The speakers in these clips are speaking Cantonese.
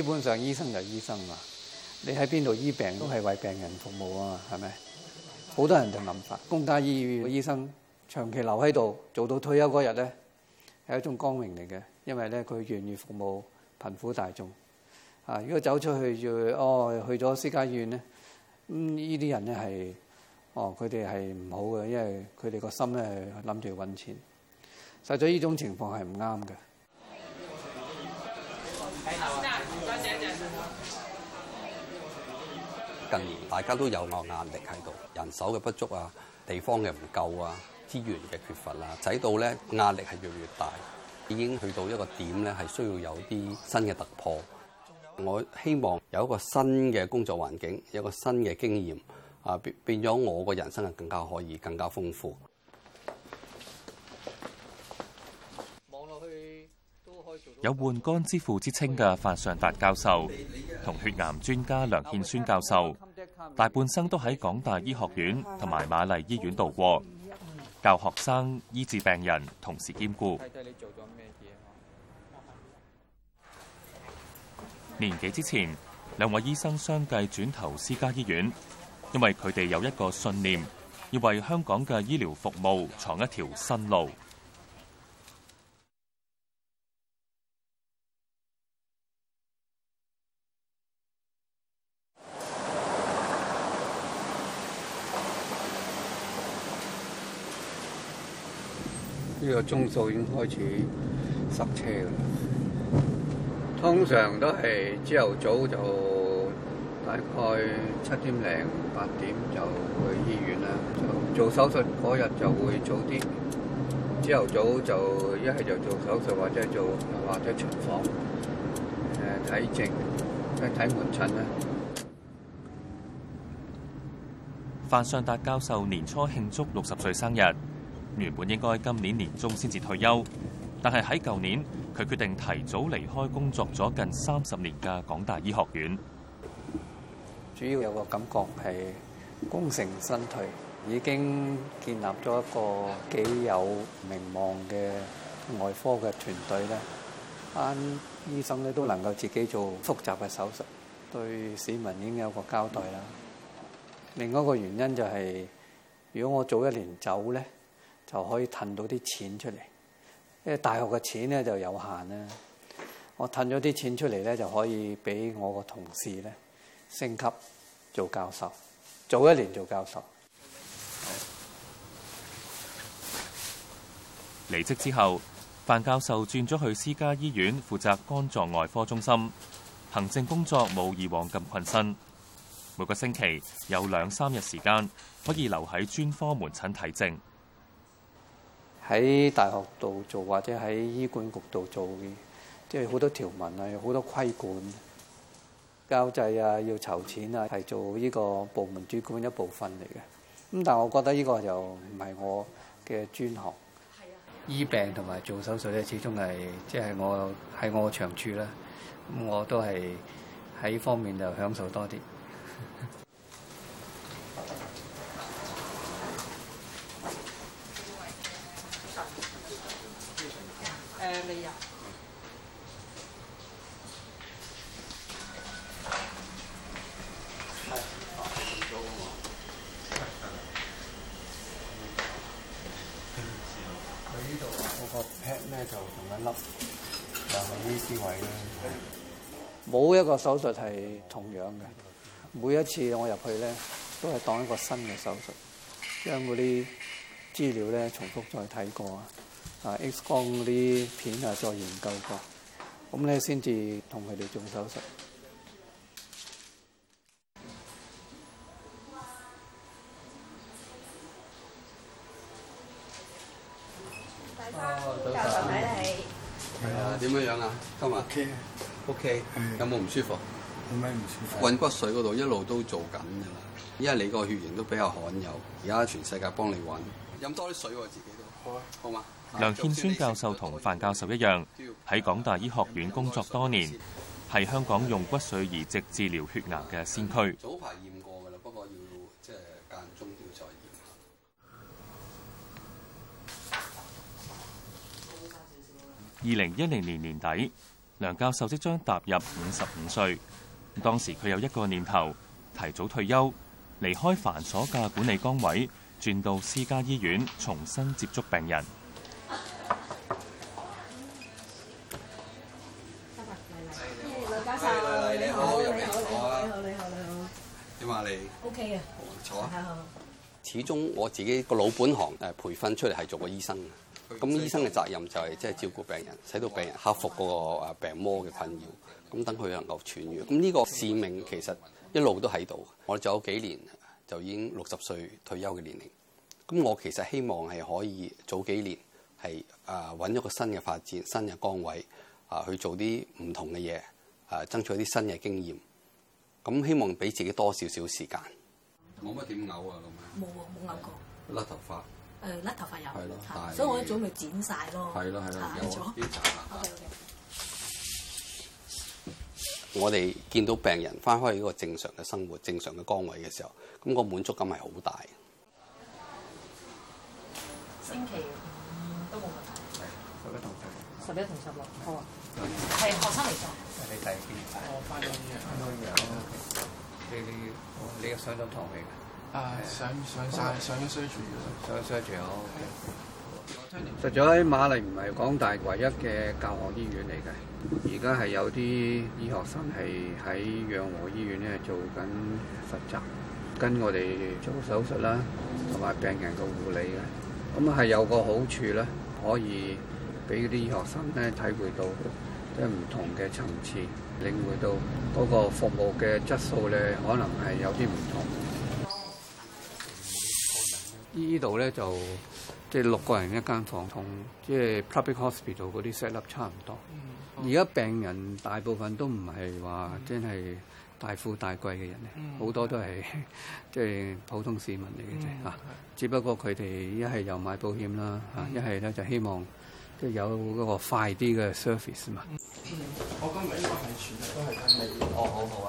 基本上醫生就係醫生啊，你喺邊度醫病都係為病人服務啊，嘛，係咪？好多人就諗法，公家醫院嘅醫生長期留喺度做到退休嗰日咧係一種光榮嚟嘅，因為咧佢願意服務貧苦大眾啊。如果走出去就哦去咗私家醫院咧，咁呢啲人咧係哦佢哋係唔好嘅，因為佢哋個心咧係諗住揾錢。實在呢種情況係唔啱嘅。近年大家都有個壓力喺度，人手嘅不足啊，地方嘅唔夠啊，資源嘅缺乏啊，使到咧壓力係越嚟越大，已經去到一個點咧，係需要有啲新嘅突破。我希望有一個新嘅工作環境，有一個新嘅經驗啊，變變咗我個人生係更加可以，更加豐富。有換肝之父之稱嘅范上達教授，同血癌專家梁憲孫教授，大半生都喺港大醫學院同埋瑪麗醫院度過，教學生、醫治病人，同時兼顧。年幾之前，兩位醫生相繼轉投私家醫院，因為佢哋有一個信念，要為香港嘅醫療服務闖一條新路。呢個鐘數已經開始塞車啦。通常都係朝頭早就大概七點零八點就去醫院啦，就做手術嗰日就會早啲。朝頭早就一係就做手術，或者做或者巡房誒睇、呃、症，即係睇門診啦。范上達教授年初慶祝六十歲生日。原本應該今年年中先至退休，但係喺舊年佢決定提早離開工作咗近三十年嘅港大醫學院。主要有個感覺係功成身退，已經建立咗一個幾有名望嘅外科嘅團隊咧。班醫生咧都能夠自己做複雜嘅手術，對市民已經有個交代啦。另一個原因就係，如果我早一年走咧，就可以褪到啲錢出嚟，因為大學嘅錢咧就有限啦。我褪咗啲錢出嚟咧，就可以俾我個同事咧升級做教授，早一年做教授。離職之後，范教授轉咗去私家醫院負責肝臟外科中心行政工作，冇以往咁困身。每個星期有兩三日時間可以留喺專科門診睇症。喺大學度做，或者喺醫管局度做嘅，即係好多條文啊，有好多規管、交際啊，要籌錢啊，係做呢個部門主管一部分嚟嘅。咁但係我覺得呢個就唔係我嘅專項，醫病同埋做手術咧，始終係即係我喺我嘅長處啦。咁我都係喺呢方面就享受多啲。誒未入。喺呢度。我個 head 咧就同一粒，就係呢啲位咧。冇一個手術係同樣嘅，每一次我入去咧都係當一個新嘅手術，將啲資料咧重複再睇過啊，X 光嗰啲片啊，再研究過，咁咧先至同佢哋做手術。早晨，梁教授啊。點樣樣啊？今日 O K 有冇唔舒服？有咩唔舒服？揾骨髓嗰度一路都做緊㗎啦，因為你個血型都比較罕有，而家全世界幫你揾。飲多啲水喎，自己都。好啊，好嘛。梁憲孫教授同范教授一樣，喺港大醫學院工作多年，係香港用骨髓移植治療血癌嘅先驅。早排驗過㗎啦，不過要即係間中要再驗。二零一零年年底，梁教授即將踏入五十五歲。當時佢有一個念頭，提早退休，離開繁瑣嘅管理崗位。轉到私家醫院重新接觸病人。老家你好，你好，你好，你好，你好。點啊你？O K 嘅。坐啊。始終我自己個老本行誒，培訓出嚟係做個醫生，咁醫生嘅責任就係即係照顧病人，使到病人克服嗰個誒病魔嘅困擾。咁等佢能夠痊癒。咁呢個使命其實一路都喺度。我仲有幾年。就已經六十歲退休嘅年齡，咁我其實希望係可以早幾年係啊，揾一個新嘅發展、新嘅崗位啊，去做啲唔同嘅嘢啊，爭取啲新嘅經驗。咁希望俾自己多少少時間。冇乜點嘔啊，老闆。冇喎，冇嘔過。甩頭髮。誒、呃，甩頭髮有。係咯。所以我一早就剪晒咯。係咯，係咯。剪我哋見到病人翻開一個正常嘅生活，正常嘅崗位嘅時候，咁個滿足感係好大。星期五都冇問題。十一同十六。係學生嚟㗎。你第幾排？我翻工呢日。呢日上咗堂未？啊，上上曬上咗商住上住場。實在喺瑪麗唔係港大唯一嘅教學醫院嚟嘅，而家係有啲醫學生係喺養和醫院咧做緊實習，跟我哋做手術啦，同埋病人嘅護理咧，咁係有個好處咧，可以俾啲醫學生咧體會到即係唔同嘅層次，領會到嗰個服務嘅質素咧，可能係有啲唔。呢度咧就即係六個人一間房，同即係 public hospital 嗰啲 set up 差唔多。而家病人大部分都唔係話真係大富大貴嘅人好、嗯、多都係即係普通市民嚟嘅啫嚇。嗯、只不過佢哋一係又買保險啦嚇，一係咧就希望即係有嗰個快啲嘅 service 嘛。我覺得呢個係全部都係跟你哦，好好，好啊！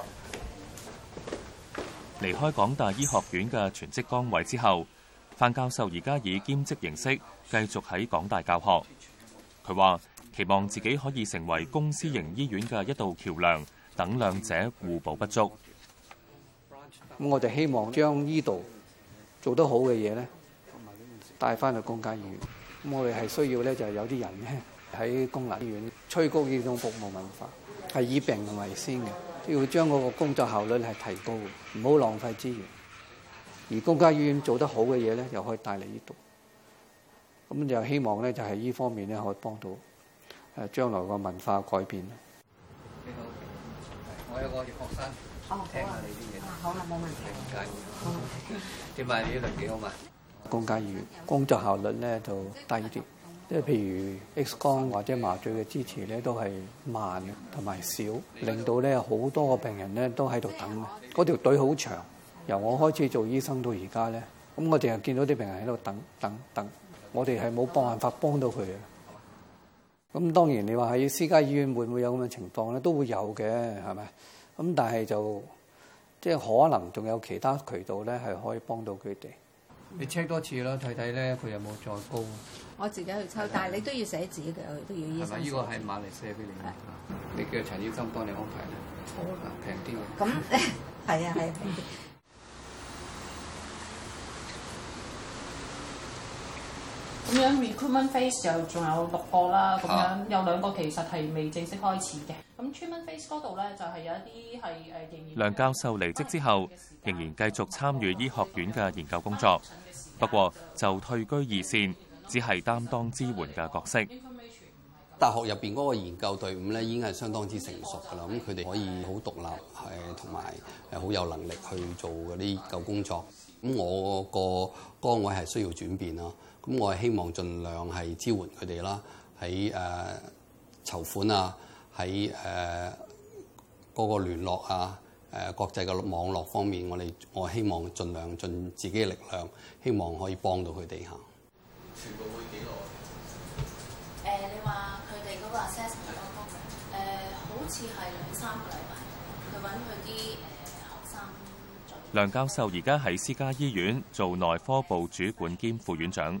離開港大醫學院嘅全職崗位之後。范教授而家以兼職形式繼續喺港大教學。他說，佢話期望自己可以成為公私型醫院嘅一道橋樑，等兩者互補不足。咁我哋希望將呢度做得好嘅嘢咧，帶翻去公家醫院。咁我哋係需要咧，就係有啲人咧喺公立醫院，催谷呢種服務文化，係以病人為先嘅，要將嗰個工作效率係提高，唔好浪費資源。而公家醫院做得好嘅嘢咧，又可以帶嚟呢度。咁就希望咧，就係呢方面咧，可以幫到誒將來個文化改變。你好，我有個葉學生，聽下你啲嘢。好啊，冇、啊、問題。點解？點解你呢度幾好嘛？公家醫院、啊、工作效率咧就低啲，即係、嗯、譬如 X 光或者麻醉嘅支持咧都係慢同埋少，好令到咧好多個病人咧都喺度等，嗰好條隊好長。由我開始做醫生到而家咧，咁我淨係見到啲病人喺度等等等，我哋係冇辦法幫到佢嘅。咁當然你話喺私家醫院會唔會有咁嘅情況咧？都會有嘅，係咪？咁但係就即係可能仲有其他渠道咧，係可以幫到佢哋。你 check 多次啦，睇睇咧佢有冇再高。我自己去抽，的但係你都要寫紙嘅，都要醫生。係咪？依、呢個係馬嚟寫俾你。的你叫陳醫生幫你安排可能平啲嘅。咁係啊，係啊。 咁樣 recruitment phase 又仲有六個啦，咁樣有兩個其實係未正式開始嘅。咁 training phase 嗰度咧就係、是、有一啲係誒。梁教授離職之後，仍然繼續參與醫學院嘅研究工作，不過就退居二線，只係擔當支援嘅角色。大學入邊嗰個研究隊伍咧已經係相當之成熟㗎啦。咁佢哋可以好獨立，係同埋係好有能力去做嗰啲研究工作。咁我個崗位係需要轉變啦。咁我係希望盡量係支援佢哋啦，喺誒籌款啊，喺誒嗰個聯絡啊，誒國際嘅網絡方面，我哋我希望盡量盡自己嘅力量，希望可以幫到佢哋嚇。全部會幾耐？誒，你話佢哋嗰個嘅，好似係兩三個禮拜。佢揾佢啲學生。梁教授而家喺私家醫院做內科部主管兼副院長。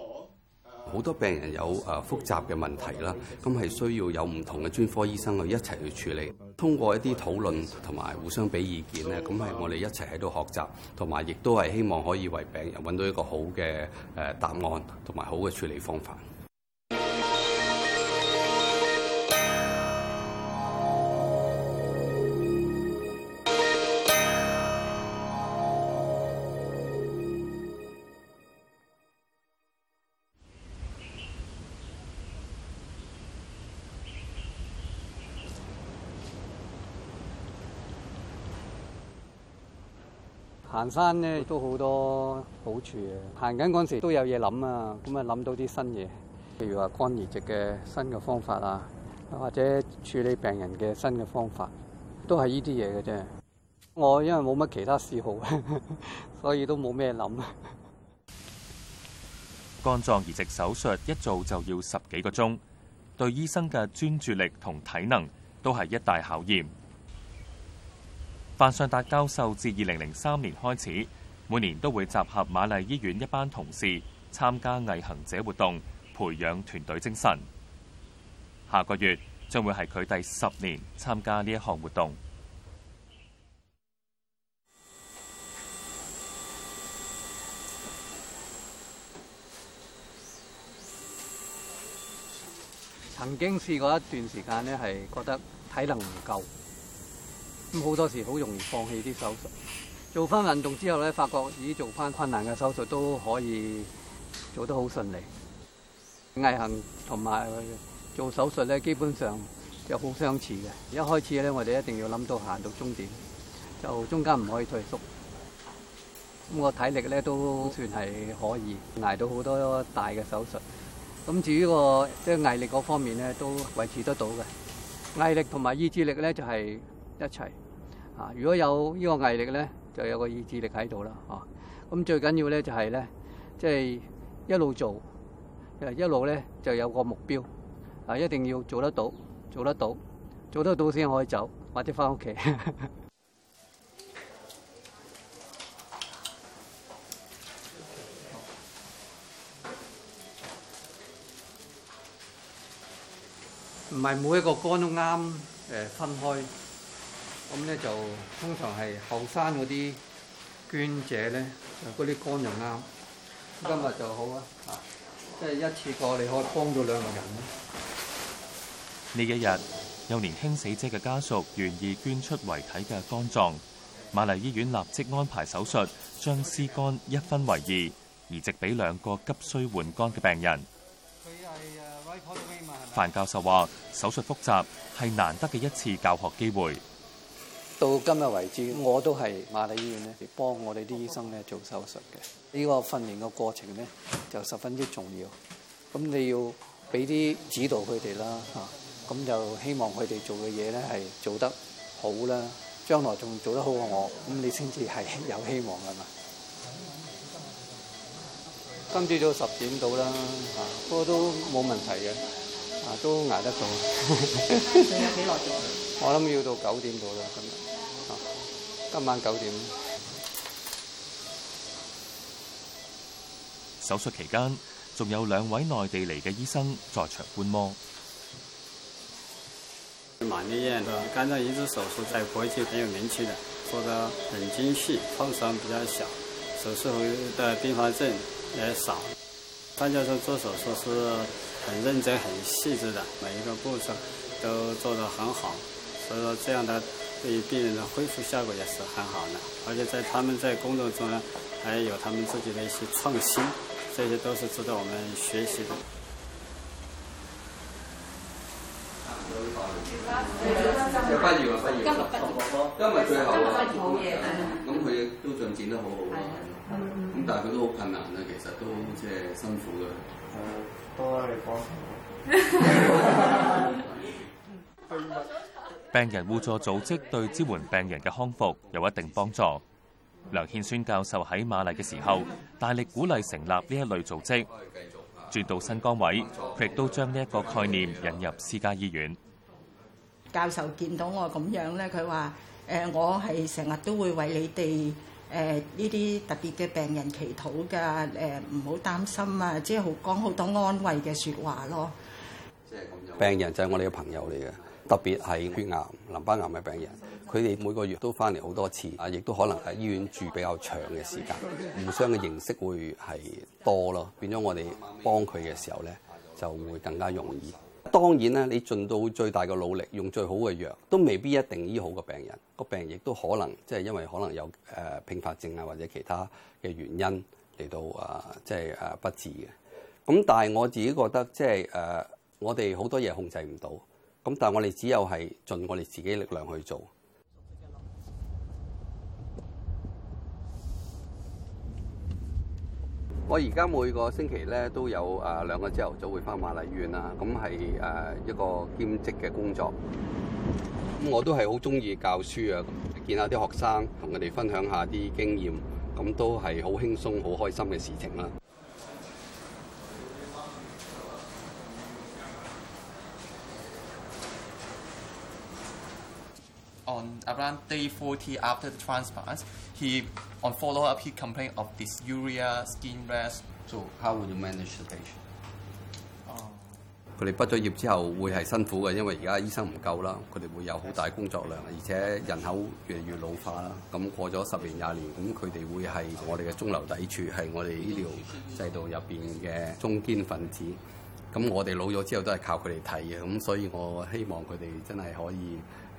好多病人有誒複雜嘅問題啦，咁係需要有唔同嘅專科醫生去一齊去處理。通過一啲討論同埋互相俾意見咧，咁係我哋一齊喺度學習，同埋亦都係希望可以為病人揾到一個好嘅誒答案同埋好嘅處理方法。山咧都好多好處啊！行緊嗰時都有嘢諗啊，咁啊諗到啲新嘢，譬如話肝移植嘅新嘅方法啊，或者處理病人嘅新嘅方法，都係呢啲嘢嘅啫。我因為冇乜其他嗜好，所以都冇咩諗。肝臟移植手術一做就要十幾個鐘，對醫生嘅專注力同體能都係一大考驗。范上達教授自二零零三年開始，每年都會集合瑪麗醫院一班同事參加毅行者活動，培養團隊精神。下個月將會係佢第十年參加呢一項活動。曾經試過一段時間咧，係覺得體能唔夠。咁好多時好容易放棄啲手術，做翻運動之後咧，發覺已做翻困難嘅手術都可以做得好順利。毅行同埋做手術咧，基本上就好相似嘅。一開始咧，我哋一定要諗到行到終點，就中間唔可以退縮。咁我體力咧都算係可以捱到好多大嘅手術。咁至於個即毅力嗰方面咧，都維持得到嘅毅力同埋意志力咧，就係。一齊啊！如果有呢個毅力咧，就有個意志力喺度啦，哦。咁最緊要咧就係咧，即係一路做，一路咧就有個目標啊！一定要做得到，做得到，做得到先可以走，或者翻屋企。唔係每一個肝都啱誒分開。咁咧就通常係後生嗰啲捐者咧，就嗰啲肝人啱，今日就好啊！啊，即係一次過你可以幫到兩個人。呢一日有年輕死者嘅家屬願意捐出遺體嘅肝臟，瑪麗醫院立即安排手術，將屍肝一分為二，移植俾兩個急需換肝嘅病人。佢係。范教授話：手術複雜係難得嘅一次教學機會。到今日為止，我都係瑪麗醫院咧幫我哋啲醫生咧做手術嘅。呢個訓練嘅過程咧就十分之重要。咁你要俾啲指導佢哋啦，嚇咁就希望佢哋做嘅嘢咧係做得好啦。將來仲做得好過我，咁你先至係有希望㗎嘛。今朝早十點到啦，不過都冇問題嘅，啊都捱得到。瞓咗幾耐咗？我諗要到九點到啦，今日。今晚九點。手術期間，仲有兩位內地嚟嘅醫生在場觀摩。瑪麗的肝臟移植手術在國際很有名氣的，做的很精細，創傷比較小，手術的併發症也少。范教授做手術是很認真、很細緻的，每一個步驟都做得很好，所以說這樣的。對於病人的恢復效果也是很好的，而且在他們在工作中呢，還有他們自己的一些創新，這些都是值得我們學習的。嗯。不要不要，今日最後啦，今日好嘢，咁佢都進展得好好啦，咁但係佢都好困難啊，其實都即係辛苦。多謝你幫。 病人互助組織對支援病人嘅康復有一定幫助。梁憲孫教授喺瑪麗嘅時候，大力鼓勵成立呢一類組織。轉到新崗位，佢亦都將呢一個概念引入私家醫院。教授見到我咁樣咧，佢話：誒，我係成日都會為你哋誒呢啲特別嘅病人祈禱㗎。誒，唔好擔心啊，即係講好多安慰嘅説話咯。病人就係我哋嘅朋友嚟嘅。特別係血癌、淋巴癌嘅病人，佢哋每個月都翻嚟好多次啊，亦都可能喺醫院住比較長嘅時間，互相嘅認識會係多咯，變咗我哋幫佢嘅時候咧就會更加容易。當然咧，你盡到最大嘅努力，用最好嘅藥都未必一定醫好個病人，個病人亦都可能即係因為可能有誒、呃、併發症啊或者其他嘅原因嚟到啊、呃，即係誒、呃、不治嘅。咁但係我自己覺得即係誒、呃，我哋好多嘢控制唔到。咁但係我哋只有係盡我哋自己力量去做。我而家每個星期咧都有誒兩個朝頭早會返瑪麗醫院啦，咁係誒一個兼職嘅工作。咁我都係好中意教書啊，見下啲學生，同佢哋分享下啲經驗，咁都係好輕鬆、好開心嘅事情啦。Around day 40 after the transplant, he on follow-up he complained of dysuria, skin rash. So how would you manage the patient? 佢哋、uh, 畢咗業之後會係辛苦嘅，因為而家醫生唔夠啦，佢哋會有好大工作量，而且人口越嚟越老化啦。咁過咗十年廿年，咁佢哋會係我哋嘅中流砥柱，係我哋醫療制度入邊嘅中堅分子。咁我哋老咗之後都係靠佢哋睇嘅，咁所以我希望佢哋真係可以。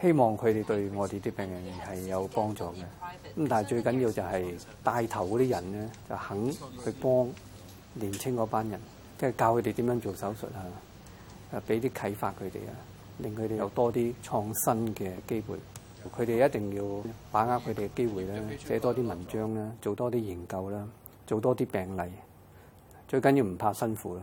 希望佢哋對我哋啲病人係有幫助嘅。咁但係最緊要就係帶頭嗰啲人咧，就肯去幫年青嗰班人，即係教佢哋點樣做手術啊，誒，俾啲啟發佢哋啊，令佢哋有多啲創新嘅機會。佢哋一定要把握佢哋嘅機會啦，寫多啲文章啦，做多啲研究啦，做多啲病例。最緊要唔怕辛苦啦。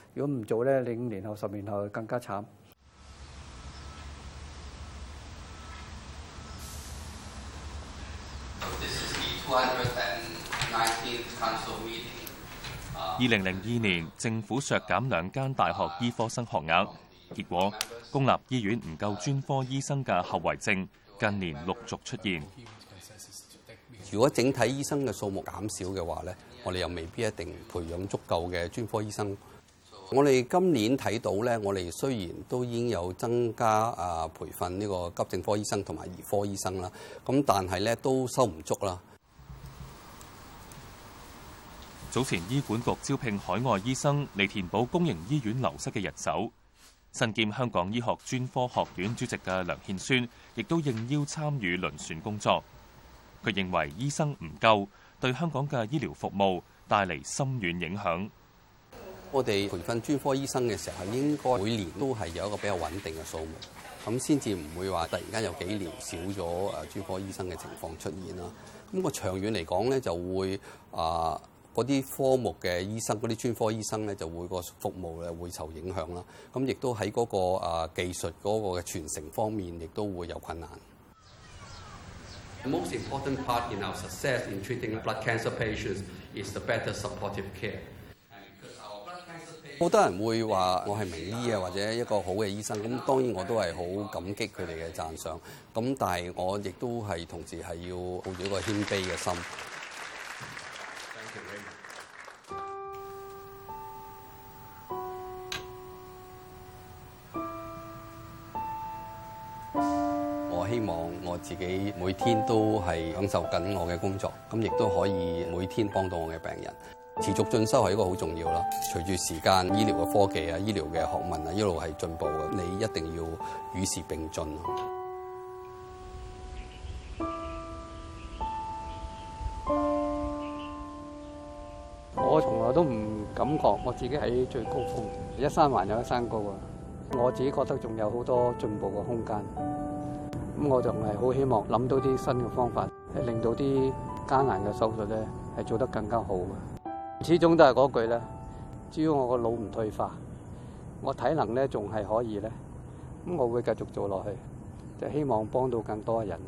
如果唔做咧，你五年後、十年後更加慘。二零零二年政府削減兩間大學醫科生學額，結果公立醫院唔夠專科醫生嘅後遺症近年陸續出現。如果整體醫生嘅數目減少嘅話咧，我哋又未必一定培養足夠嘅專科醫生。我哋今年睇到咧，我哋雖然都已經有增加啊、呃、培訓呢個急症科醫生同埋兒科醫生啦，咁但係咧都收唔足啦。早前醫管局招聘海外醫生嚟填補公營醫院流失嘅人手，身兼香港醫學專科學院主席嘅梁憲孫，亦都應邀參與遴選工作。佢認為醫生唔夠，對香港嘅醫療服務帶嚟深遠影響。我哋培訓專科醫生嘅時候，應該每年都係有一個比較穩定嘅數目，咁先至唔會話突然間有幾年少咗誒專科醫生嘅情況出現啦。咁個長遠嚟講咧，就會啊嗰啲科目嘅醫生、嗰啲專科醫生咧，就會個服務咧會受影響啦。咁亦都喺嗰個啊技術嗰個嘅傳承方面，亦都會有困難。The most important part in our success in treating blood cancer patients is the better supportive care. 好多人會話我係名醫啊，或者一個好嘅醫生。咁當然我都係好感激佢哋嘅讚賞。咁但係我亦都係同時係要抱住一個謙卑嘅心。Thank you. 我希望我自己每天都係享受緊我嘅工作，咁亦都可以每天幫到我嘅病人。持續進修係一個好重要啦。隨住時間，醫療嘅科技啊、醫療嘅學問啊一路係進步嘅，你一定要與時並進。我從來都唔感覺我自己喺最高峰，一山還有一山高啊！我自己覺得仲有好多進步嘅空間。咁我就仲係好希望諗到啲新嘅方法，係令到啲艱難嘅手術咧係做得更加好嘅。始終都係嗰句咧，只要我個腦唔退化，我體能咧仲係可以咧，咁我會繼續做落去，就希望幫到更多嘅人。